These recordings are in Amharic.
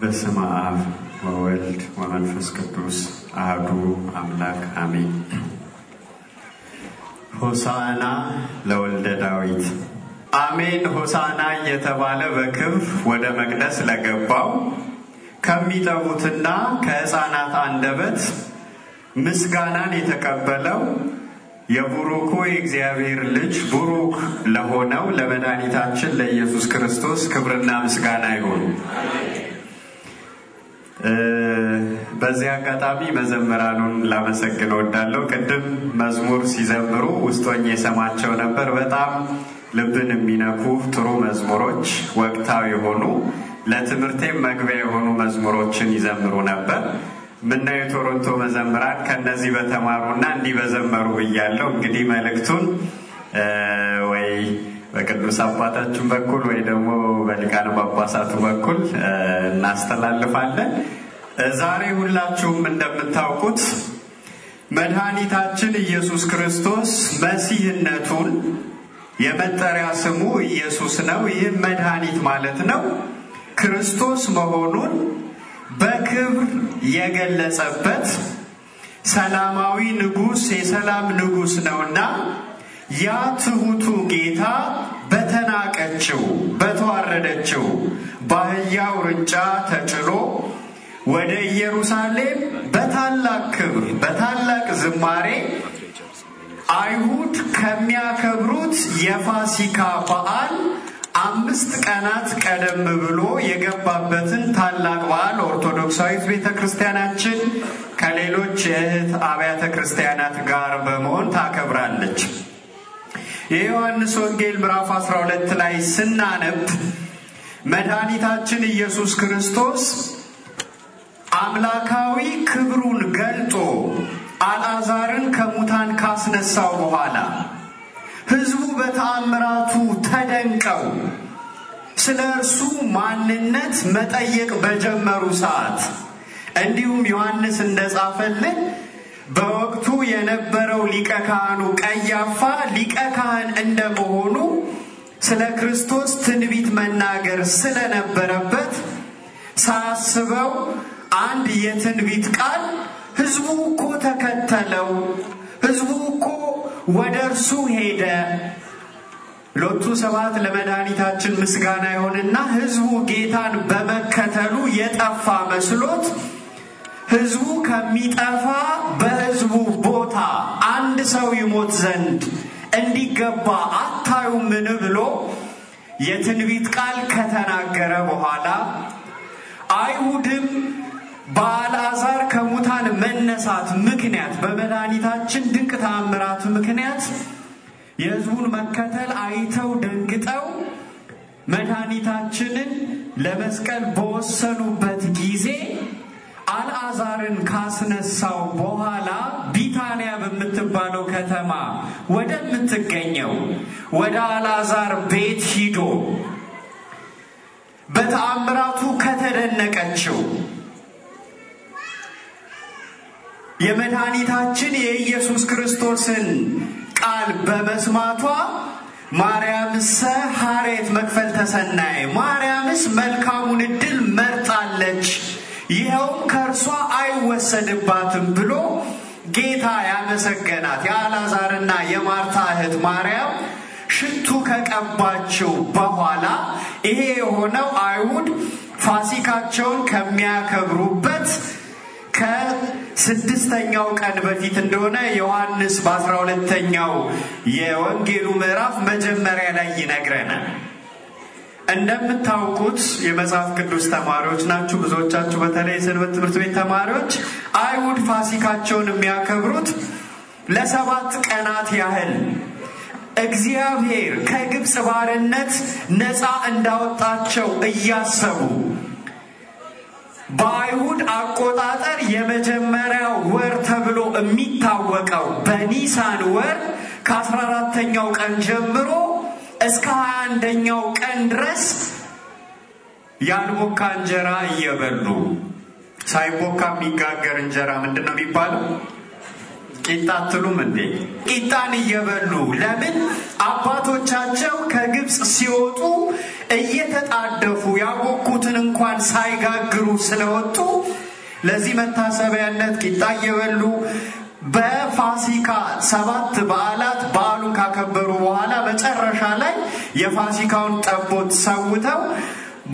በስመ አብ ወወልድ ወመንፈስ ቅዱስ አህዱ አምላክ አሜን። ሆሳዕና ለወልደ ዳዊት አሜን። ሆሳዕና እየተባለ በክብ ወደ መቅደስ ለገባው ከሚጠቡትና ከሕፃናት አንደበት ምስጋናን የተቀበለው የቡሩኩ የእግዚአብሔር ልጅ ቡሩክ ለሆነው ለመድኃኒታችን ለኢየሱስ ክርስቶስ ክብርና ምስጋና ይሁን። በዚህ አጋጣሚ መዘመራኑን ላመሰግን ወዳለው። ቅድም መዝሙር ሲዘምሩ ውስጦኝ የሰማቸው ነበር። በጣም ልብን የሚነኩ ጥሩ መዝሙሮች፣ ወቅታዊ የሆኑ ለትምህርቴም መግቢያ የሆኑ መዝሙሮችን ይዘምሩ ነበር። ምነው የቶሮንቶ መዘምራን ከነዚህ በተማሩና እንዲህ በዘመሩ ብያለው። እንግዲህ መልእክቱን ወይ በቅዱስ አባታችን በኩል ወይ ደግሞ በሊቃነ ጳጳሳቱ በኩል እናስተላልፋለን። ዛሬ ሁላችሁም እንደምታውቁት መድኃኒታችን ኢየሱስ ክርስቶስ መሲህነቱን የመጠሪያ ስሙ ኢየሱስ ነው። ይህም መድኃኒት ማለት ነው። ክርስቶስ መሆኑን በክብር የገለጸበት ሰላማዊ ንጉሥ የሰላም ንጉሥ ነውና ያ ትሑቱ ጌታ በተናቀችው በተዋረደችው በአህያ ውርንጫ ተጭኖ ወደ ኢየሩሳሌም በታላቅ ክብር በታላቅ ዝማሬ አይሁድ ከሚያከብሩት የፋሲካ በዓል አምስት ቀናት ቀደም ብሎ የገባበትን ታላቅ በዓል ኦርቶዶክሳዊት ቤተ ክርስቲያናችን ከሌሎች የእህት አብያተ ክርስቲያናት ጋር በመሆን ታከብራለች። የዮሐንስ ወንጌል ምዕራፍ 12 ላይ ስናነብ መድኃኒታችን ኢየሱስ ክርስቶስ አምላካዊ ክብሩን ገልጦ አልዓዛርን ከሙታን ካስነሳው በኋላ ሕዝቡ በተአምራቱ ተደንቀው ስለ እርሱ ማንነት መጠየቅ በጀመሩ ሰዓት እንዲሁም ዮሐንስ እንደጻፈልን በወቅቱ የነበረው ሊቀ ካህኑ ቀያፋ ሊቀ ካህን እንደመሆኑ ስለ ክርስቶስ ትንቢት መናገር ስለነበረበት ሳስበው አንድ የትንቢት ቃል ህዝቡ እኮ ተከተለው፣ ህዝቡ እኮ ወደ እርሱ ሄደ። ሎቱ ሰባት ለመድኃኒታችን ምስጋና ይሆንና ህዝቡ ጌታን በመከተሉ የጠፋ መስሎት ህዝቡ ከሚጠፋ በህዝቡ ቦታ አንድ ሰው ይሞት ዘንድ እንዲገባ አታዩምን ብሎ የትንቢት ቃል ከተናገረ በኋላ አይሁድም በአልዓዛር ከሙታን መነሳት ምክንያት በመድኃኒታችን ድንቅ ተአምራት ምክንያት የህዝቡን መከተል አይተው ደንግጠው መድኃኒታችንን ለመስቀል በወሰኑበት ጊዜ አልአዛርን ካስነሳው በኋላ ቢታንያ በምትባለው ከተማ ወደምትገኘው ወደ አልአዛር ቤት ሂዶ በተአምራቱ ከተደነቀችው የመድኃኒታችን የኢየሱስ ክርስቶስን ቃል በመስማቷ ማርያምሰ ሐሬት መክፈል ተሰናይ ማርያምስ መልካሙን እድል አይወሰድባትም ብሎ ጌታ ያመሰገናት የአላዛርና የማርታ እህት ማርያም ሽቱ ከቀባቸው በኋላ ይሄ የሆነው አይሁድ ፋሲካቸውን ከሚያከብሩበት ከስድስተኛው ቀን በፊት እንደሆነ ዮሐንስ በአስራ ሁለተኛው የወንጌሉ ምዕራፍ መጀመሪያ ላይ ይነግረናል። እንደምታውቁት የመጽሐፍ ቅዱስ ተማሪዎች ናችሁ። ብዙዎቻችሁ በተለይ የሰንበት ትምህርት ቤት ተማሪዎች አይሁድ ፋሲካቸውን የሚያከብሩት ለሰባት ቀናት ያህል እግዚአብሔር ከግብፅ ባርነት ነፃ እንዳወጣቸው እያሰቡ በአይሁድ አቆጣጠር የመጀመሪያው ወር ተብሎ የሚታወቀው በኒሳን ወር ከአስራ አራተኛው ቀን ጀምሮ እስከ ሀያ አንደኛው ቀን ድረስ ያልቦካ እንጀራ እየበሉ ሳይቦካ የሚጋገር እንጀራ ምንድን ነው የሚባለው? ቂጣ አትሉም እንዴ? ቂጣን እየበሉ ለምን? አባቶቻቸው ከግብፅ ሲወጡ እየተጣደፉ ያቦኩትን እንኳን ሳይጋግሩ ስለወጡ ለዚህ መታሰቢያነት ቂጣ እየበሉ በፋሲካ ሰባት በዓላት ካከበሩ በኋላ መጨረሻ ላይ የፋሲካውን ጠቦት ሰውተው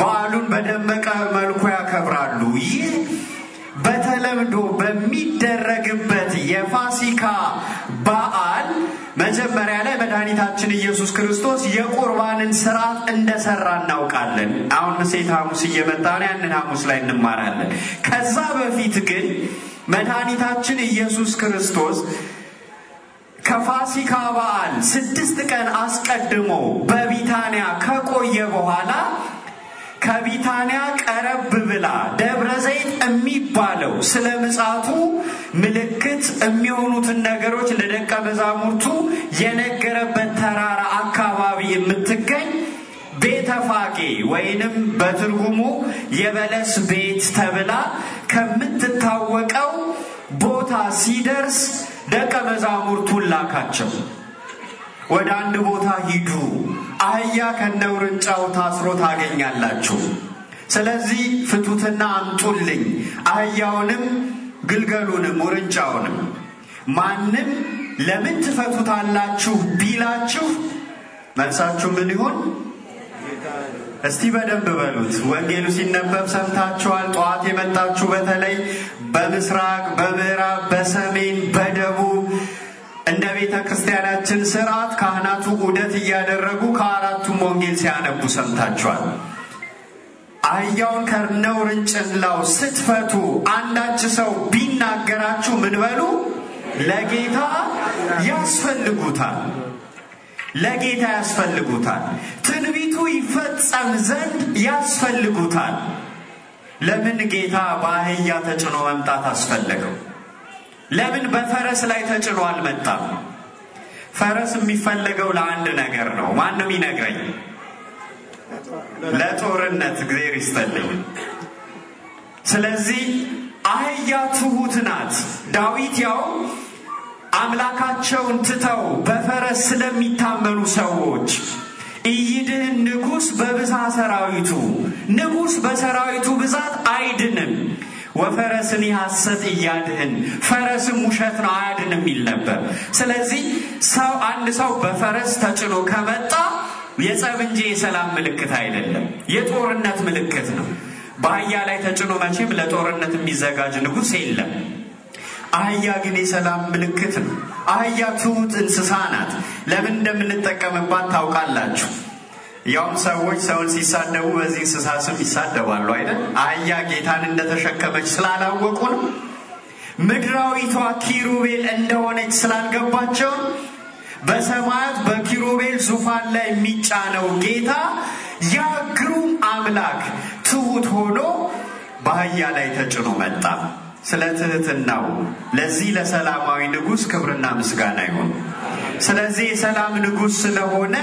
በዓሉን በደመቀ መልኩ ያከብራሉ። ይህ በተለምዶ በሚደረግበት የፋሲካ በዓል መጀመሪያ ላይ መድኃኒታችን ኢየሱስ ክርስቶስ የቁርባንን ስርዓት እንደሰራ እናውቃለን። አሁን ሴት ሐሙስ እየመጣ ነው። ያንን ሐሙስ ላይ እንማራለን። ከዛ በፊት ግን መድኃኒታችን ኢየሱስ ክርስቶስ ከፋሲካ በዓል ስድስት ቀን አስቀድሞ በቢታንያ ከቆየ በኋላ ከቢታንያ ቀረብ ብላ ደብረ ዘይት የሚባለው ስለ ምጻቱ ምልክት የሚሆኑትን ነገሮች ለደቀ መዛሙርቱ የነገረበት ተራራ አካባቢ የምትገኝ ቤተፋጌ ወይንም በትርጉሙ የበለስ ቤት ተብላ ከምትታወቀው ቦታ ሲደርስ ደቀ መዛሙርቱን ላካቸው። ወደ አንድ ቦታ ሂዱ፣ አህያ ውርንጫው ታስሮ ታገኛላችሁ። ስለዚህ ፍቱትና አምጡልኝ። አህያውንም ግልገሉንም ውርንጫውንም ማንም ለምን ትፈቱታላችሁ ቢላችሁ መልሳችሁ ምን ይሆን? እስቲ በደንብ በሉት። ወንጌሉ ሲነበብ ሰምታችኋል። ጠዋት የመጣችሁ በተለይ በምስራቅ፣ በምዕራብ፣ በሰሜን፣ በደቡብ እንደ ቤተ ክርስቲያናችን ስርዓት ካህናቱ ዑደት እያደረጉ ከአራቱም ወንጌል ሲያነቡ ሰምታችኋል። አህያውን ከርነው ርንጭላው ስትፈቱ አንዳች ሰው ቢናገራችሁ ምን በሉ? ለጌታ ያስፈልጉታል። ለጌታ ያስፈልጉታል። ትንቢቱ ይፈጸም ዘንድ ያስፈልጉታል። ለምን ጌታ በአህያ ተጭኖ መምጣት አስፈለገው? ለምን በፈረስ ላይ ተጭኖ አልመጣም? ፈረስ የሚፈለገው ለአንድ ነገር ነው። ማንም ይነግረኝ፣ ለጦርነት እግዜር ይስጠልኝ። ስለዚህ አህያ ትሁት ናት። ዳዊት ያው አምላካቸውን ትተው ስለሚታመኑ ሰዎች ኢይድህን ንጉሥ በብዛ ሰራዊቱ ንጉሥ በሰራዊቱ ብዛት አይድንም ወፈረስን የሐሰት እያድህን ፈረስም ውሸት ነው አያድንም ይል ነበር። ስለዚህ ሰው አንድ ሰው በፈረስ ተጭኖ ከመጣ የጸብ እንጂ የሰላም ምልክት አይደለም፣ የጦርነት ምልክት ነው። በአያ ላይ ተጭኖ መቼም ለጦርነት የሚዘጋጅ ንጉሥ የለም። አህያ ግን የሰላም ምልክት ነው። አህያ ትሁት እንስሳ ናት። ለምን እንደምንጠቀምባት ታውቃላችሁ? ያውም ሰዎች ሰውን ሲሳደቡ በዚህ እንስሳ ስም ይሳደባሉ አይደል? አህያ ጌታን እንደተሸከመች ስላላወቁ ነው። ምድራዊቷ ኪሩቤል እንደሆነች ስላልገባቸው በሰማያት በኪሩቤል ዙፋን ላይ የሚጫነው ጌታ ያ ግሩም አምላክ ትሁት ሆኖ በአህያ ላይ ተጭኖ መጣ። ስለ ትህትናው ለዚህ ለሰላማዊ ንጉሥ ክብርና ምስጋና ይሁን። ስለዚህ የሰላም ንጉሥ ስለሆነ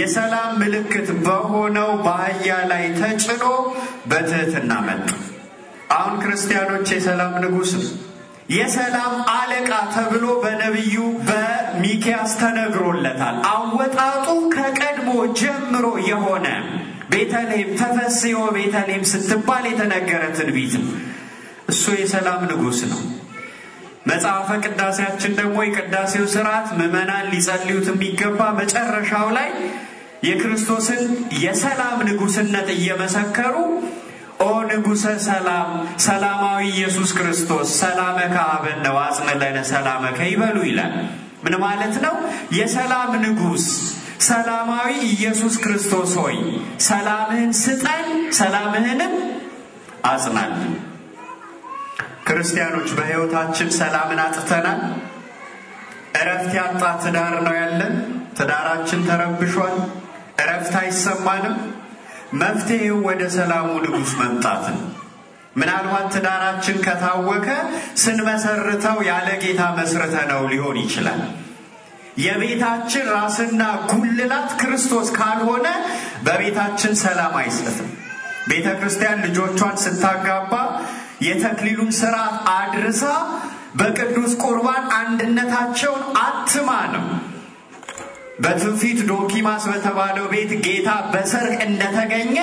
የሰላም ምልክት በሆነው በአህያ ላይ ተጭኖ በትህትና መጡ። አሁን ክርስቲያኖች የሰላም ንጉሥ የሰላም አለቃ ተብሎ በነቢዩ በሚኪያስ ተነግሮለታል። አወጣጡ ከቀድሞ ጀምሮ የሆነ ቤተልሔም ተፈስዮ ቤተልሔም ስትባል የተነገረ ትንቢት እሱ የሰላም ንጉሥ ነው። መጽሐፈ ቅዳሴያችን ደግሞ የቅዳሴው ስርዓት ምዕመናን ሊጸልዩት የሚገባ መጨረሻው ላይ የክርስቶስን የሰላም ንጉሥነት እየመሰከሩ ኦ ንጉሠ ሰላም ሰላማዊ ኢየሱስ ክርስቶስ ሰላመከ አበነ ወአጽንዕ ለነ ሰላመከ ይበሉ ይላል። ምን ማለት ነው? የሰላም ንጉሥ ሰላማዊ ኢየሱስ ክርስቶስ ሆይ ሰላምህን ስጠን፣ ሰላምህንም አጽናልን። ክርስቲያኖች በሕይወታችን ሰላምን አጥተናል። እረፍት ያጣ ትዳር ነው ያለን። ትዳራችን ተረብሿል። እረፍት አይሰማንም። መፍትሄው ወደ ሰላሙ ንጉሥ መምጣት ነው። ምናልባት ትዳራችን ከታወከ ስንመሰርተው ያለ ጌታ መስርተ ነው ሊሆን ይችላል። የቤታችን ራስና ጉልላት ክርስቶስ ካልሆነ በቤታችን ሰላም አይሰጥም። ቤተ ክርስቲያን ልጆቿን ስታጋባ የተክሊሉን ስርዓት አድርሳ በቅዱስ ቁርባን አንድነታቸውን አትማ ነው። በትውፊት ዶኪማስ በተባለው ቤት ጌታ በሰርግ እንደተገኘ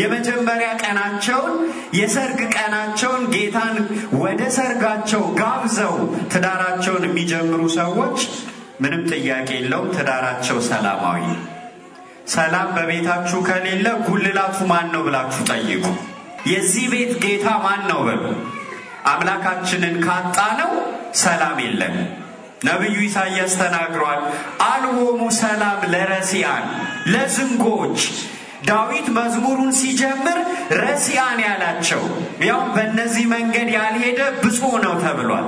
የመጀመሪያ ቀናቸውን የሰርግ ቀናቸውን ጌታን ወደ ሰርጋቸው ጋብዘው ትዳራቸውን የሚጀምሩ ሰዎች ምንም ጥያቄ የለውም፣ ትዳራቸው ሰላማዊ። ሰላም በቤታችሁ ከሌለ ጉልላቱ ማን ነው ብላችሁ ጠይቁ። የዚህ ቤት ጌታ ማን ነው በሉ። አምላካችንን ካጣ ነው ሰላም የለም። ነቢዩ ኢሳያስ ተናግሯል። አልቦሙ ሰላም ለረሲያን ለዝንጎዎች ዳዊት መዝሙሩን ሲጀምር ረሲያን ያላቸው ያውም በእነዚህ መንገድ ያልሄደ ብፁዕ ነው ተብሏል።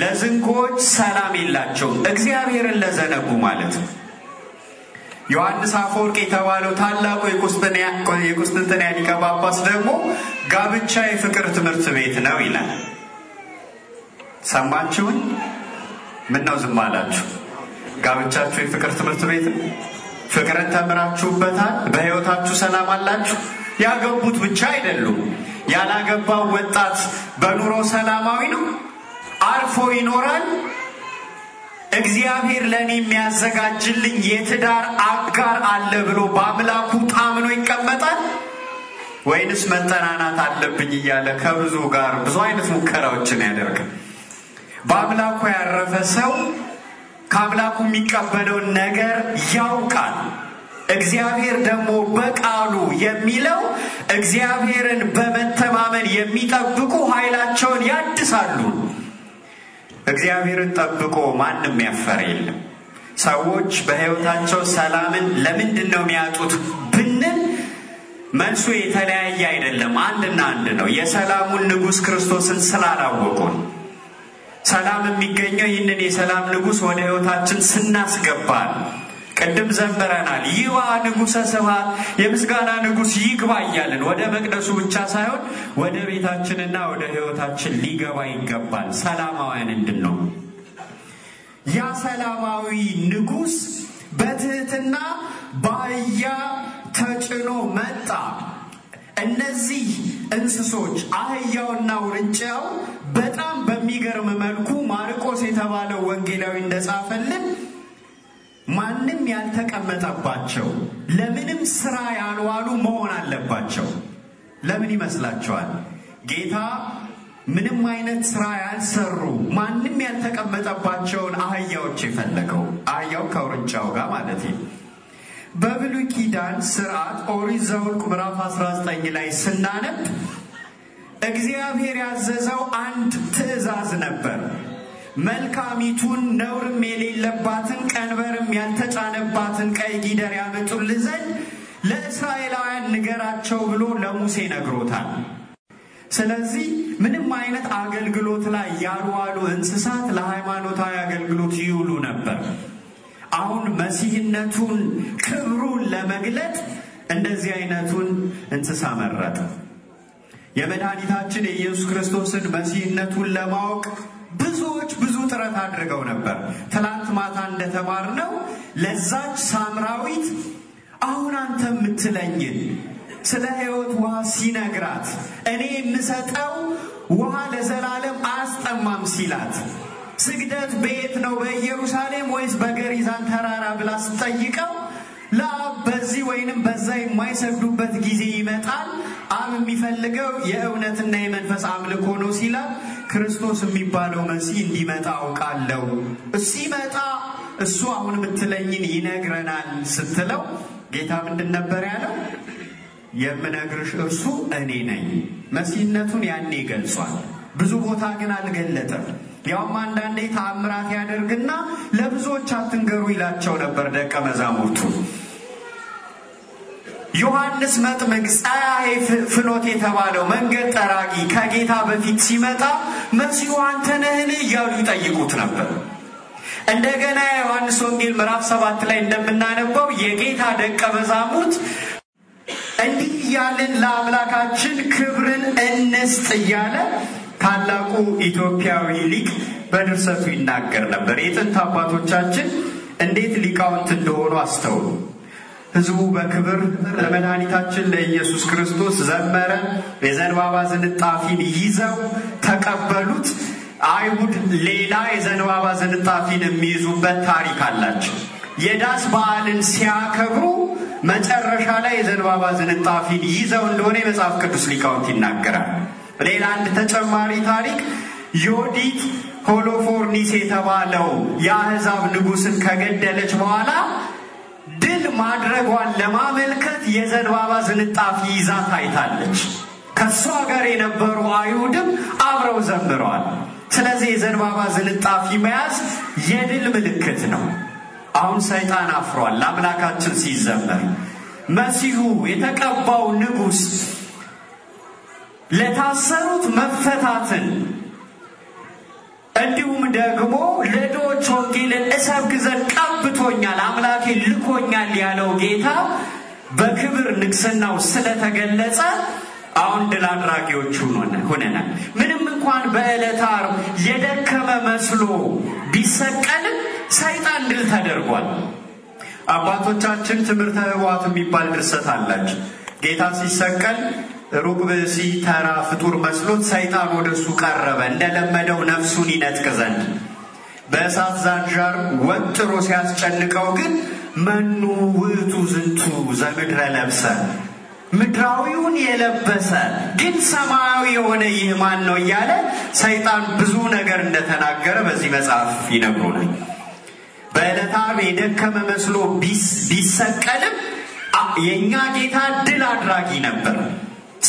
ለዝንጎዎች ሰላም የላቸውም፣ እግዚአብሔርን ለዘነጉ ማለት ነው። ዮሐንስ አፈወርቅ የተባለው ታላቁ የቁስጥንጥንያ ሊቀ ጳጳስ ደግሞ ጋብቻ የፍቅር ትምህርት ቤት ነው ይላል። ሰማችሁን? ምነው ዝም አላችሁ? ጋብቻችሁ የፍቅር ትምህርት ቤት ነው። ፍቅርን ተምራችሁበታል። በሕይወታችሁ ሰላም አላችሁ። ያገቡት ብቻ አይደሉም። ያላገባው ወጣት በኑሮ ሰላማዊ ነው፣ አርፎ ይኖራል። እግዚአብሔር ለእኔ የሚያዘጋጅልኝ የትዳር አጋር አለ ብሎ በአምላኩ ታምኖ ይቀመጣል ወይንስ መጠናናት አለብኝ እያለ ከብዙ ጋር ብዙ አይነት ሙከራዎችን ያደርጋል። በአምላኩ ያረፈ ሰው ከአምላኩ የሚቀበለውን ነገር ያውቃል። እግዚአብሔር ደግሞ በቃሉ የሚለው እግዚአብሔርን በመተማመን የሚጠብቁ ኃይላቸውን ያድሳሉ እግዚአብሔርን ጠብቆ ማንም ያፈረ የለም። ሰዎች በሕይወታቸው ሰላምን ለምንድን ነው የሚያጡት ብንል መልሱ የተለያየ አይደለም። አንድና አንድ ነው። የሰላሙን ንጉሥ ክርስቶስን ስላላወቁን ሰላም የሚገኘው ይህንን የሰላም ንጉሥ ወደ ሕይወታችን ስናስገባ ነው። ቅድም ዘምረናል። ይዋ ንጉሰ ስብሐት የምስጋና ንጉስ ይግባ እያለን ወደ መቅደሱ ብቻ ሳይሆን ወደ ቤታችንና ወደ ህይወታችን ሊገባ ይገባል፣ ሰላማውያን እንድንሆን። ያ ሰላማዊ ንጉስ በትህትና በአህያ ተጭኖ መጣ። እነዚህ እንስሶች አህያውና ውርንጫው በጣም በሚገርም መልኩ ማርቆስ የተባለው ወንጌላዊ እንደጻፈልን ማንም ያልተቀመጠባቸው ለምንም ስራ ያልዋሉ መሆን አለባቸው። ለምን ይመስላችኋል? ጌታ ምንም አይነት ስራ ያልሰሩ ማንም ያልተቀመጠባቸውን አህያዎች የፈለገው አህያው ከውርጫው ጋር ማለት ነው። በብሉይ ኪዳን ስርዓት ኦሪት ዘኍልቍ ምዕራፍ 19 ላይ ስናነብ እግዚአብሔር ያዘዘው አንድ ትእዛዝ ነበር። መልካሚቱን ነውርም የሌለባትን ቀንበርም ያልተጫነባትን ቀይ ጊደር ያመጡል ዘንድ ለእስራኤላውያን ንገራቸው ብሎ ለሙሴ ነግሮታል። ስለዚህ ምንም አይነት አገልግሎት ላይ ያልዋሉ እንስሳት ለሃይማኖታዊ አገልግሎት ይውሉ ነበር። አሁን መሲህነቱን ክብሩን ለመግለጥ እንደዚህ አይነቱን እንስሳ መረጠ። የመድኃኒታችን የኢየሱስ ክርስቶስን መሲህነቱን ለማወቅ ብዙዎች ብዙ ጥረት አድርገው ነበር። ትላንት ማታ እንደተማርነው ለዛች ሳምራዊት አሁን አንተ የምትለኝን ስለ ሕይወት ውሃ ሲነግራት እኔ የምሰጠው ውሃ ለዘላለም አያስጠማም ሲላት ስግደት በየት ነው? በኢየሩሳሌም ወይስ በገሪዛን ተራራ ብላ ስጠይቀው ለአብ በዚህ ወይንም በዛ የማይሰግዱበት ጊዜ ይመጣል። አብ የሚፈልገው የእውነትና የመንፈስ አምልኮ ነው ሲላል ክርስቶስ የሚባለው መሲህ እንዲመጣ አውቃለሁ። ሲመጣ እሱ አሁን የምትለኝን ይነግረናል ስትለው ጌታ ምንድን ነበር ያለው? የምነግርሽ እርሱ እኔ ነኝ። መሲህነቱን ያኔ ገልጿል። ብዙ ቦታ ግን አልገለጠም። ያውም አንዳንዴ ተአምራት ያደርግና ለብዙዎች አትንገሩ ይላቸው ነበር ደቀ መዛሙርቱ። ዮሐንስ መጥምቅ ጸራሄ ፍኖት የተባለው መንገድ ጠራጊ ከጌታ በፊት ሲመጣ መሲሁ አንተ ነህን እያሉ ይጠይቁት ነበር። እንደገና የዮሐንስ ወንጌል ምዕራፍ ሰባት ላይ እንደምናነበው የጌታ ደቀ መዛሙርት እንዲህ እያልን ለአምላካችን ክብርን እንስጥ እያለ ታላቁ ኢትዮጵያዊ ሊቅ በድርሰቱ ይናገር ነበር። የጥንት አባቶቻችን እንዴት ሊቃውንት እንደሆኑ አስተውሉ። ህዝቡ በክብር ለመድኃኒታችን ለኢየሱስ ክርስቶስ ዘመረ። የዘንባባ ዝንጣፊን ይዘው ተቀበሉት። አይሁድ ሌላ የዘንባባ ዝንጣፊን የሚይዙበት ታሪክ አላቸው። የዳስ በዓልን ሲያከብሩ መጨረሻ ላይ የዘንባባ ዝንጣፊን ይዘው እንደሆነ የመጽሐፍ ቅዱስ ሊቃውንት ይናገራል። ሌላ አንድ ተጨማሪ ታሪክ ዮዲት ሆሎፎርኒስ የተባለው የአሕዛብ ንጉሥን ከገደለች በኋላ ድል ማድረጓን ለማመልከት የዘንባባ ዝንጣፊ ይዛ ታይታለች። ከእሷ ጋር የነበሩ አይሁድም አብረው ዘምረዋል። ስለዚህ የዘንባባ ዝንጣፊ መያዝ የድል ምልክት ነው። አሁን ሰይጣን አፍሯል። ለአምላካችን ሲዘመር መሲሁ የተቀባው ንጉሥ ለታሰሩት መፈታትን እንዲሁም ደግሞ ለድሆች ወንጌልን እሰብክ ዘንድ ቀብቶኛል፣ አምላኬ ልኮኛል ያለው ጌታ በክብር ንግስናው ስለተገለጸ አሁን ድል አድራጊዎች ሆነናል። ምንም እንኳን በዕለተ ዓርብ የደከመ መስሎ ቢሰቀልም ሰይጣን ድል ተደርጓል። አባቶቻችን ትምህርተ ህዋት የሚባል ድርሰት አላቸው። ጌታ ሲሰቀል ሩቅ ብእሲ ተራ ፍጡር መስሎት ሰይጣን ወደ እሱ ቀረበ፣ እንደለመደው ነፍሱን ይነጥቅ ዘንድ በእሳት ዛንዣር ወጥሮ ሲያስጨንቀው ግን መኑ ውእቱ ዝንቱ ዘምድረ ለብሰ ምድራዊውን የለበሰ ግን ሰማያዊ የሆነ ይህ ማን ነው እያለ ሰይጣን ብዙ ነገር እንደተናገረ በዚህ መጽሐፍ ይነግሩናል። በዕለተ ዓርብ የደከመ መስሎ ቢሰቀልም የእኛ ጌታ ድል አድራጊ ነበር።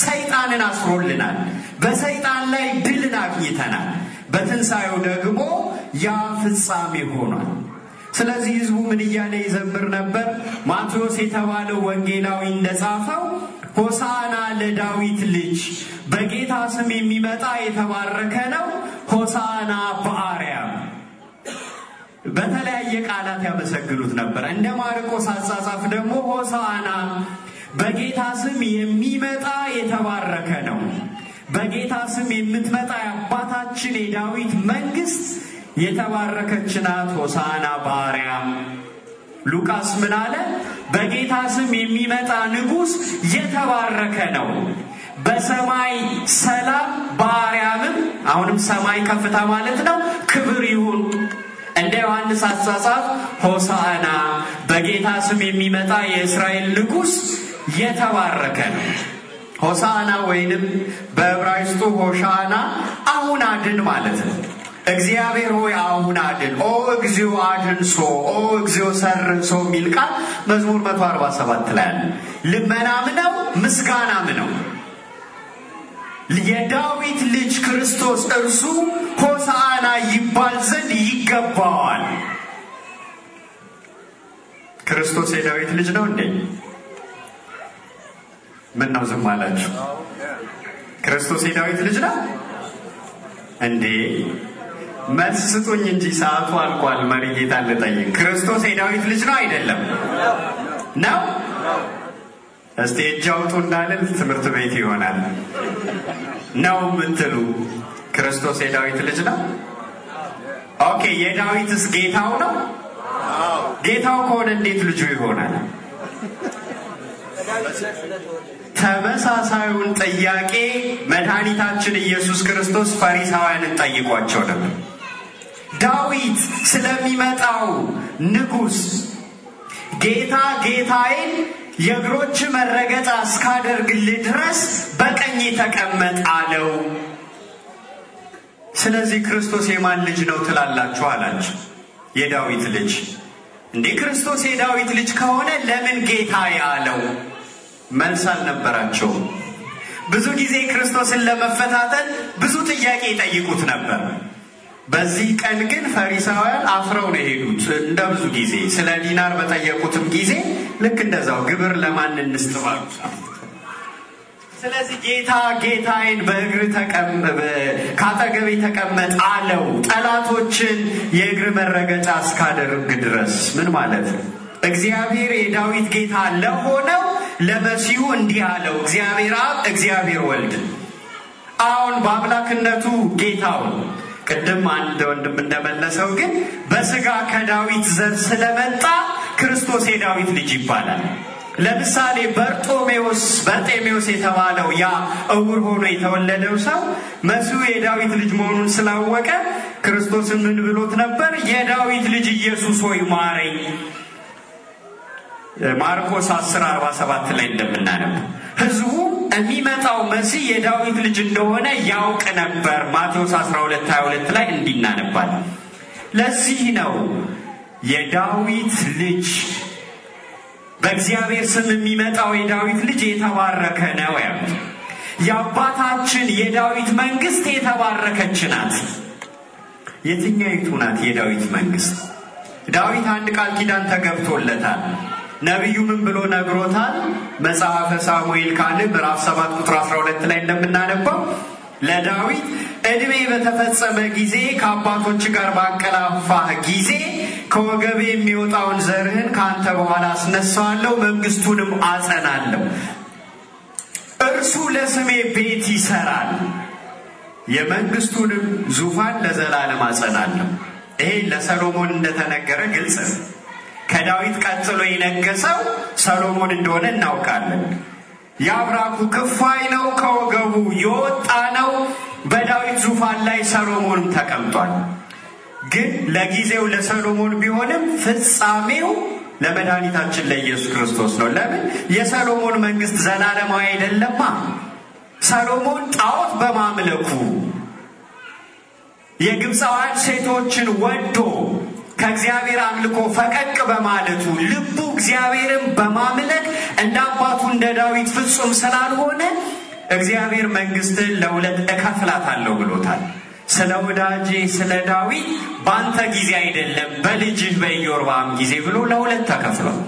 ሰይጣንን አስሮልናል። በሰይጣን ላይ ድልን አግኝተናል። በትንሣኤው ደግሞ ያ ፍጻሜ ሆኗል። ስለዚህ ህዝቡ ምን እያለ ይዘምር ነበር? ማቴዎስ የተባለው ወንጌላዊ እንደጻፈው ሆሳና ለዳዊት ልጅ በጌታ ስም የሚመጣ የተባረከ ነው፣ ሆሳና በአርያም። በተለያየ ቃላት ያመሰግኑት ነበር። እንደ ማርቆስ አጻጻፍ ደግሞ ሆሳና በጌታ ስም የሚመጣ የተባረከ ነው። በጌታ ስም የምትመጣ የአባታችን የዳዊት መንግስት የተባረከች ናት። ሆሳና በአርያም። ሉቃስ ምን አለ? በጌታ ስም የሚመጣ ንጉሥ የተባረከ ነው። በሰማይ ሰላም በአርያምም፣ አሁንም ሰማይ ከፍታ ማለት ነው። ክብር ይሁን እንደ ዮሐንስ አሳሳፍ ሆሳዕና በጌታ ስም የሚመጣ የእስራኤል ንጉሥ የተባረከ ነው። ሆሳና ወይንም በዕብራይስጡ ሆሻና አሁን አድን ማለት ነው። እግዚአብሔር ሆይ አሁን አድን፣ ኦ እግዚኦ አድንሶ፣ ኦ እግዚኦ ሰርሶ የሚል ቃል መዝሙር 147 ላይ አለ። ልመናም ነው ምስጋናም ነው። የዳዊት ልጅ ክርስቶስ እርሱ ሆሳና ይባል ዘንድ ይገባዋል። ክርስቶስ የዳዊት ልጅ ነው እንዴ? ምን ነው ዝም አላችሁ? ክርስቶስ የዳዊት ልጅ ነው እንዴ? መልስ ስጡኝ እንጂ ሰዓቱ አልቋል። መሪ ጌታ ልጠይቅ። ክርስቶስ የዳዊት ልጅ ነው አይደለም? ነው። እስቲ እጅ አውጡ እንዳልል ትምህርት ቤት ይሆናል። ነው የምትሉ ክርስቶስ የዳዊት ልጅ ነው? ኦኬ። የዳዊትስ ጌታው ነው? ጌታው ከሆነ እንዴት ልጁ ይሆናል? ተመሳሳዩን ጥያቄ መድኃኒታችን ኢየሱስ ክርስቶስ ፈሪሳውያንን ጠይቋቸው ነበር። ዳዊት ስለሚመጣው ንጉሥ ጌታ ጌታዬን የእግሮች መረገጫ እስካደርግልህ ድረስ በቀኝ ተቀመጥ አለው። ስለዚህ ክርስቶስ የማን ልጅ ነው ትላላችሁ? አላቸው። የዳዊት ልጅ። እንዴ ክርስቶስ የዳዊት ልጅ ከሆነ ለምን ጌታ ያለው? መልስ አልነበራቸውም። ብዙ ጊዜ ክርስቶስን ለመፈታተን ብዙ ጥያቄ ይጠይቁት ነበር። በዚህ ቀን ግን ፈሪሳውያን አፍረው ነው የሄዱት። እንደ ብዙ ጊዜ ስለ ዲናር በጠየቁትም ጊዜ ልክ እንደዛው ግብር ለማን እንስጥ ባሉት። ስለዚህ ጌታ ጌታዬን በእግር ካጠገቤ ተቀመጥ አለው፣ ጠላቶችን የእግር መረገጫ እስካደርግ ድረስ ምን ማለት ነው? እግዚአብሔር የዳዊት ጌታ ለሆነው ለመሲሁ እንዲህ አለው እግዚአብሔር አብ እግዚአብሔር ወልድ አሁን በአምላክነቱ ጌታው ቅድም አንድ ወንድም እንደመለሰው ግን በስጋ ከዳዊት ዘር ስለመጣ ክርስቶስ የዳዊት ልጅ ይባላል። ለምሳሌ በርጦሜዎስ በርጤሜዎስ የተባለው ያ እውር ሆኖ የተወለደው ሰው መሲሁ የዳዊት ልጅ መሆኑን ስላወቀ ክርስቶስን ምን ብሎት ነበር? የዳዊት ልጅ ኢየሱስ ሆይ ማረኝ ማርቆስ 10 47 ላይ እንደምናነብ ህዝቡ የሚመጣው መሲህ የዳዊት ልጅ እንደሆነ ያውቅ ነበር። ማቴዎስ 12 22 ላይ እንዲናነባል። ለዚህ ነው የዳዊት ልጅ በእግዚአብሔር ስም የሚመጣው የዳዊት ልጅ የተባረከ ነው ያሉት። የአባታችን የዳዊት መንግስት የተባረከች ናት። የትኛይቱ ናት የዳዊት መንግስት? ዳዊት አንድ ቃል ኪዳን ተገብቶለታል። ነቢዩ ምን ብሎ ነግሮታል? መጽሐፈ ሳሙኤል ካል ምዕራፍ 7 ቁጥር 12 ላይ እንደምናነባው ለዳዊት እድሜ በተፈጸመ ጊዜ ከአባቶች ጋር ባንቀላፋህ ጊዜ ከወገብ የሚወጣውን ዘርህን ከአንተ በኋላ አስነሳዋለሁ፣ መንግስቱንም አጸናለሁ። እርሱ ለስሜ ቤት ይሰራል፣ የመንግስቱንም ዙፋን ለዘላለም አጸናለሁ። ይሄ ለሰሎሞን እንደተነገረ ግልጽ ነው። ከዳዊት ቀጥሎ የነገሰው ሰሎሞን እንደሆነ እናውቃለን። የአብራኩ ክፋይ ነው፣ ከወገቡ የወጣ ነው። በዳዊት ዙፋን ላይ ሰሎሞንም ተቀምጧል። ግን ለጊዜው ለሰሎሞን ቢሆንም ፍጻሜው ለመድኃኒታችን ለኢየሱስ ክርስቶስ ነው። ለምን? የሰሎሞን መንግስት ዘላለማዊ አይደለማ። ሰሎሞን ጣዖት በማምለኩ የግብፃውያን ሴቶችን ወዶ ከእግዚአብሔር አምልኮ ፈቀቅ በማለቱ ልቡ እግዚአብሔርን በማምለክ እንደ አባቱ እንደ ዳዊት ፍጹም ስላልሆነ እግዚአብሔር መንግስትን ለሁለት እከፍላታለሁ ብሎታል። ስለ ወዳጄ ስለ ዳዊት በአንተ ጊዜ አይደለም በልጅህ በኢዮርባም ጊዜ ብሎ ለሁለት ተከፍሏል።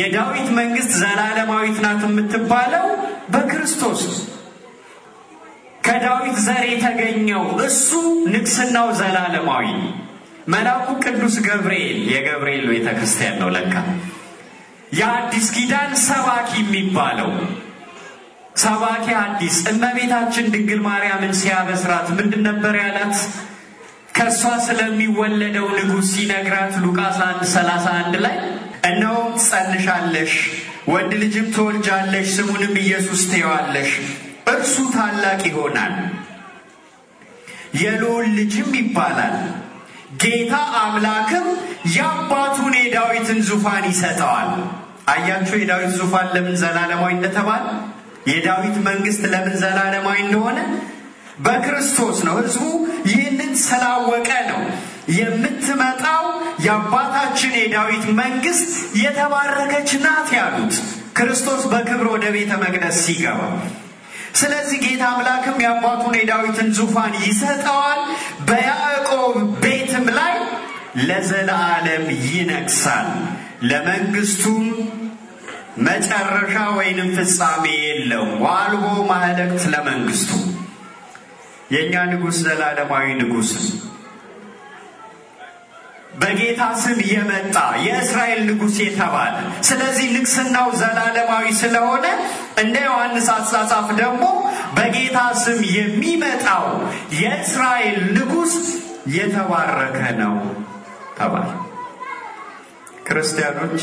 የዳዊት መንግስት ዘላለማዊት ናት የምትባለው በክርስቶስ ከዳዊት ዘር የተገኘው እሱ ንግስናው ዘላለማዊ መልአኩ ቅዱስ ገብርኤል የገብርኤል ቤተ ክርስቲያን ነው ለካ የአዲስ ኪዳን ሰባኪ የሚባለው ሰባኪ አዲስ እመቤታችን ድንግል ማርያምን ሲያበስራት ምንድን ነበር ያላት? ከእሷ ስለሚወለደው ንጉሥ ሲነግራት ሉቃስ 1 31 ላይ እነሆ ትጸንሻለሽ፣ ወንድ ልጅም ትወልጃለሽ፣ ስሙንም ኢየሱስ ትይዋለሽ፣ እርሱ ታላቅ ይሆናል፣ የልዑል ልጅም ይባላል ጌታ አምላክም የአባቱን የዳዊትን ዙፋን ይሰጠዋል። አያችሁ የዳዊት ዙፋን ለምን ዘላለማዊ እንደተባለ የዳዊት መንግስት ለምን ዘላለማዊ እንደሆነ በክርስቶስ ነው። ህዝቡ ይህንን ስላወቀ ነው የምትመጣው የአባታችን የዳዊት መንግስት የተባረከች ናት ያሉት ክርስቶስ በክብር ወደ ቤተ መቅደስ ሲገባ ስለዚህ ጌታ አምላክም የአባቱን የዳዊትን ዙፋን ይሰጠዋል፣ በያዕቆብ ቤትም ላይ ለዘላለም ይነግሳል፣ ለመንግስቱም መጨረሻ ወይንም ፍጻሜ የለው ዋልቦ ማህለክት ለመንግስቱ የእኛ ንጉሥ ዘላለማዊ ንጉሥ በጌታ ስም የመጣ የእስራኤል ንጉሥ የተባለ ስለዚህ ንግስናው ዘላለማዊ ስለሆነ እንደ ዮሐንስ አጻጻፍ ደግሞ በጌታ ስም የሚመጣው የእስራኤል ንጉሥ የተባረከ ነው ተባለ። ክርስቲያኖች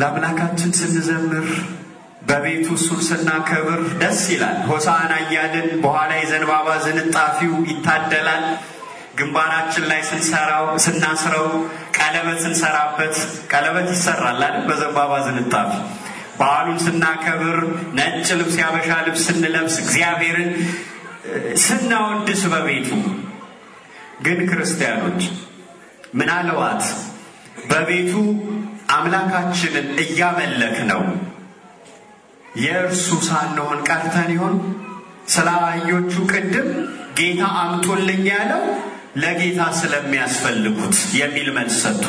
ለአምላካችን ስንዘምር በቤቱ እሱን ስናከብር ደስ ይላል። ሆሳዕና እያልን በኋላ የዘንባባ ዝንጣፊው ይታደላል። ግንባራችን ላይ ስንሰራው ስናስረው ቀለበት ስንሰራበት ቀለበት ይሰራል አይደል? በዘንባባ ዝንጣፍ በዓሉን ስናከብር ነጭ ልብስ ያበሻ ልብስ ስንለብስ እግዚአብሔርን ስናወድስ በቤቱ ግን ክርስቲያኖች ምናልባት በቤቱ አምላካችንን እያመለክ ነው የእርሱ ሳንሆን ቀርተን ይሆን? ስለ አህዮቹ ቅድም ጌታ አምጦልኝ ያለው ለጌታ ስለሚያስፈልጉት የሚል መልስ ሰጥቶ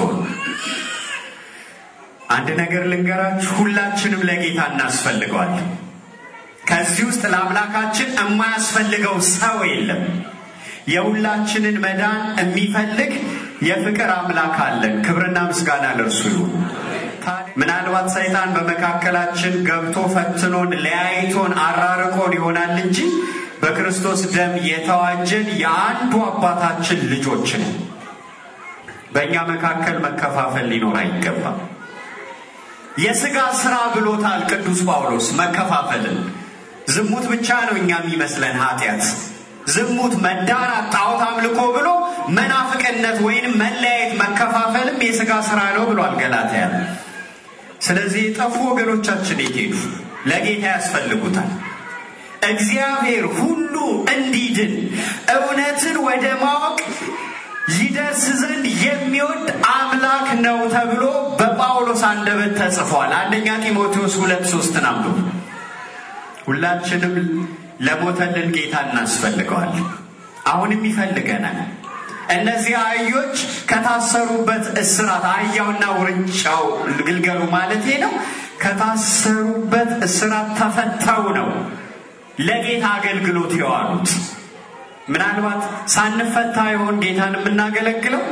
አንድ ነገር ልንገራችሁ፣ ሁላችንም ለጌታ እናስፈልገዋለን። ከዚህ ውስጥ ለአምላካችን የማያስፈልገው ሰው የለም። የሁላችንን መዳን የሚፈልግ የፍቅር አምላክ አለን። ክብርና ምስጋና ለእርሱ ይሁን። ምናልባት ሰይጣን በመካከላችን ገብቶ ፈትኖን፣ ለያይቶን፣ አራርቆን ይሆናል እንጂ በክርስቶስ ደም የተዋጀን የአንዱ አባታችን ልጆች ነን። በእኛ መካከል መከፋፈል ሊኖር አይገባም። የሥጋ ሥራ ብሎታል ቅዱስ ጳውሎስ መከፋፈልን። ዝሙት ብቻ ነው እኛ የሚመስለን ኃጢአት፣ ዝሙት፣ መዳራት፣ ጣዖት አምልኮ ብሎ መናፍቅነት ወይንም መለያየት መከፋፈልም የሥጋ ሥራ ነው ብሏል ገላትያ። ስለዚህ የጠፉ ወገኖቻችን የት ሄዱ? ለጌታ ያስፈልጉታል። እግዚአብሔር ሁሉ እንዲድን እውነትን ወደ ማወቅ ይደርስ ዘንድ የሚወድ አምላክ ነው ተብሎ በጳውሎስ አንደበት ተጽፏል። አንደኛ ጢሞቴዎስ ሁለት ሶስት አንብቡ። ሁላችንም ለሞተልን ጌታ እናስፈልገዋል። አሁንም ይፈልገናል። እነዚህ አህዮች ከታሰሩበት እስራት አህያውና ውርንጫው ግልገሉ ማለት ነው። ከታሰሩበት እስራት ተፈተው ነው ለጌታ አገልግሎት የዋሉት ምናልባት ሳንፈታ የሆን ጌታን የምናገለግለው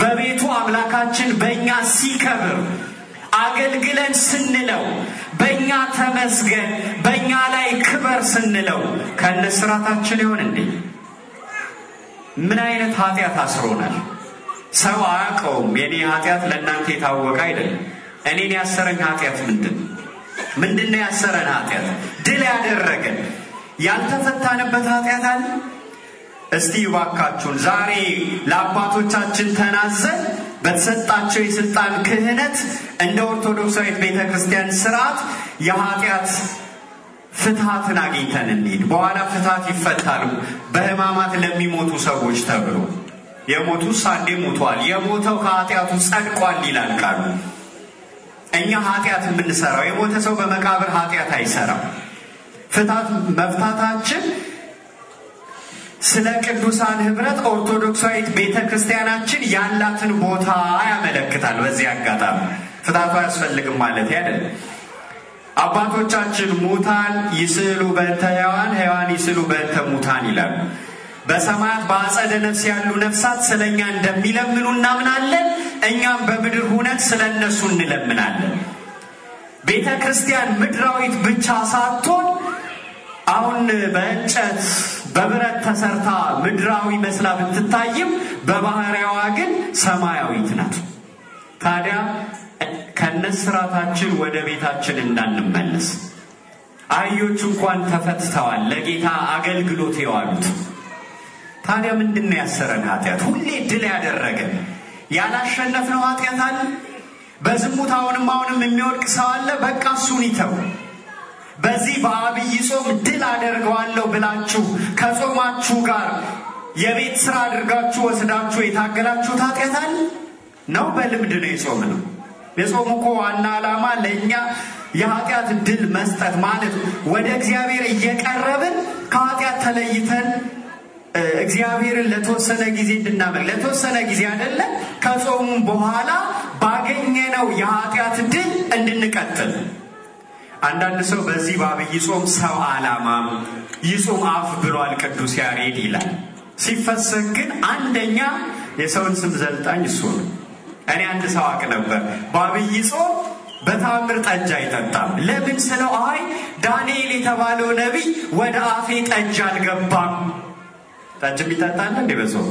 በቤቱ አምላካችን በእኛ ሲከብር አገልግለን ስንለው በእኛ ተመስገን በእኛ ላይ ክበር ስንለው ስራታችን ይሆን እንዴ? ምን አይነት ኃጢአት አስሮናል? ሰው አያውቀውም። የኔ ኃጢአት ለእናንተ የታወቀ አይደለም። እኔን ያሰረኝ ኃጢአት ምንድን ምንድን ነው ያሰረን ኃጢአት ድል ያደረገ ያልተፈታንበት ኃጢአት አለ? እስቲ ይባካችሁን ዛሬ ለአባቶቻችን ተናዘን በተሰጣቸው የስልጣን ክህነት እንደ ኦርቶዶክሳዊት ቤተ ክርስቲያን ስርዓት የኃጢአት ፍትሐትን አግኝተን እንሂድ። በኋላ ፍትሐት ይፈታሉ በህማማት ለሚሞቱ ሰዎች ተብሎ የሞቱ ሳንዴ ሞቷል፣ የሞተው ከኃጢአቱ ጸድቋል ይላል ቃሉ። እኛ ኃጢአት የምንሰራው የሞተ ሰው በመቃብር ኃጢአት አይሰራም። ፍታት መፍታታችን ስለ ቅዱሳን ህብረት ኦርቶዶክሳዊት ቤተ ክርስቲያናችን ያላትን ቦታ ያመለክታል። በዚህ አጋጣሚ ፍታቱ አያስፈልግም ማለት አይደለም። አባቶቻችን ሙታን ይስሉ በእንተ ሕያዋን፣ ሕያዋን ይስሉ በእንተ ሙታን ይላሉ። በሰማያት በአጸደ ነፍስ ያሉ ነፍሳት ስለ እኛ እንደሚለምኑ እናምናለን። እኛም በምድር ሁነት ስለ እነሱ እንለምናለን። ቤተ ክርስቲያን ምድራዊት ብቻ ሳትሆን አሁን በእንጨት በብረት ተሰርታ ምድራዊ መስላ ብትታይም በባህሪያዋ ግን ሰማያዊት ናት። ታዲያ ከነስራታችን ወደ ቤታችን እንዳንመለስ አህዮች እንኳን ተፈትተዋል፣ ለጌታ አገልግሎት የዋሉት። ታዲያ ምንድን ያሰረን ኃጢአት? ሁሌ ድል ያደረገን ያላሸነፍነው ኃጢአት አለ። በዝሙት አሁንም አሁንም የሚወድቅ ሰው አለ። በቃ እሱን ይተው። በዚህ በአብይ ጾም ድል አደርገዋለሁ ብላችሁ ከጾማችሁ ጋር የቤት ስራ አድርጋችሁ ወስዳችሁ የታገላችሁ ኃጢአት ነው። በልምድ ነው የጾም ነው የጾም እኮ ዋና ዓላማ ለእኛ የኃጢአት ድል መስጠት ማለት ወደ እግዚአብሔር እየቀረብን ከኃጢአት ተለይተን እግዚአብሔርን ለተወሰነ ጊዜ እንድናመልክ ለተወሰነ ጊዜ አይደለም ከጾሙ በኋላ ባገኘነው የኃጢአት ድል እንድንቀጥል አንዳንድ ሰው በዚህ በአብይ ጾም ሰው አላማም ይጹም አፍ ብሏል ቅዱስ ያሬድ ይላል። ሲፈሰግ ግን አንደኛ የሰውን ስም ዘልጣኝ እሱ ነው። እኔ አንድ ሰው አቅ ነበር በአብይ ጾም በታምር ጠጅ አይጠጣም። ለምን ስለው አይ ዳንኤል የተባለው ነቢይ ወደ አፌ ጠጅ አልገባም። ጠጅ የሚጠጣለ እንዴ በሰው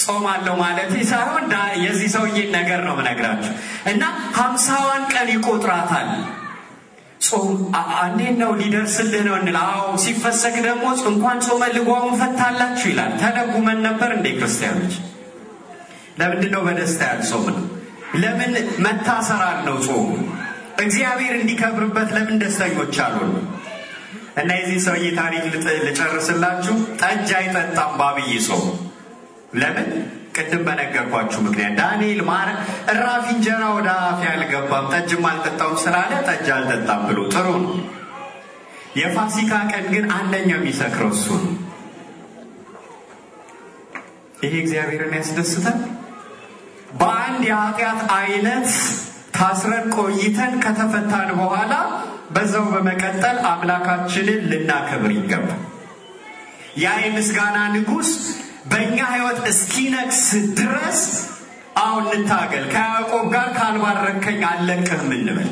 ጾም አለው ማለት ሳይሆን የዚህ ሰውዬን ነገር ነው ምነግራችሁ እና ሀምሳዋን ቀን ይቆጥራታል ጾም እንዴት ነው ሊደርስልህ ነው እንል። አዎ ሲፈሰግ ደግሞ እንኳን ጾመ ልጓሙን ፈታላችሁ ይላል። ተደጉመን ነበር እንደ ክርስቲያኖች። ለምንድን ነው በደስታ ያልጾም ነው? ለምን መታሰር ነው ጾሙ? እግዚአብሔር እንዲከብርበት ለምን ደስተኞች አሉ? እና የዚህ ሰውዬ ታሪክ ልጨርስላችሁ። ጠጅ አይጠጣም ባብይ ጾም ለምን ቅድም በነገርኳችሁ ምክንያት ዳንኤል ማር እራፊ እንጀራ ወደ አፍ ያልገባም ጠጅም አልጠጣውም ስላለ ጠጅ አልጠጣም ብሎ ጥሩ ነው። የፋሲካ ቀን ግን አንደኛው የሚሰክረው እሱ ነው። ይሄ እግዚአብሔርን ያስደስታል። በአንድ የኃጢአት አይነት ታስረን ቆይተን ከተፈታን በኋላ በዛው በመቀጠል አምላካችንን ልናከብር ይገባል። ያ የምስጋና ንጉሥ በእኛ ህይወት እስኪነግስ ድረስ አሁን እንታገል። ከያዕቆብ ጋር ካልባረከኝ አለቅህም እንበል።